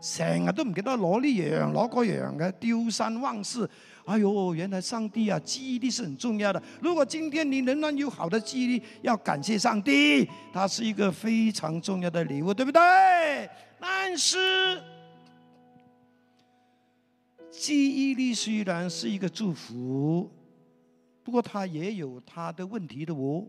成日都唔記得攞呢樣攞嗰樣嘅，丟三忘四。哎呦，原來上帝啊，記憶力是很重要的。如果今天你仍然有好的記憶力，要感謝上帝，它是一個非常重要的禮物，對不對？但是記憶力雖然是一個祝福，不過它也有它嘅問題的喎、哦。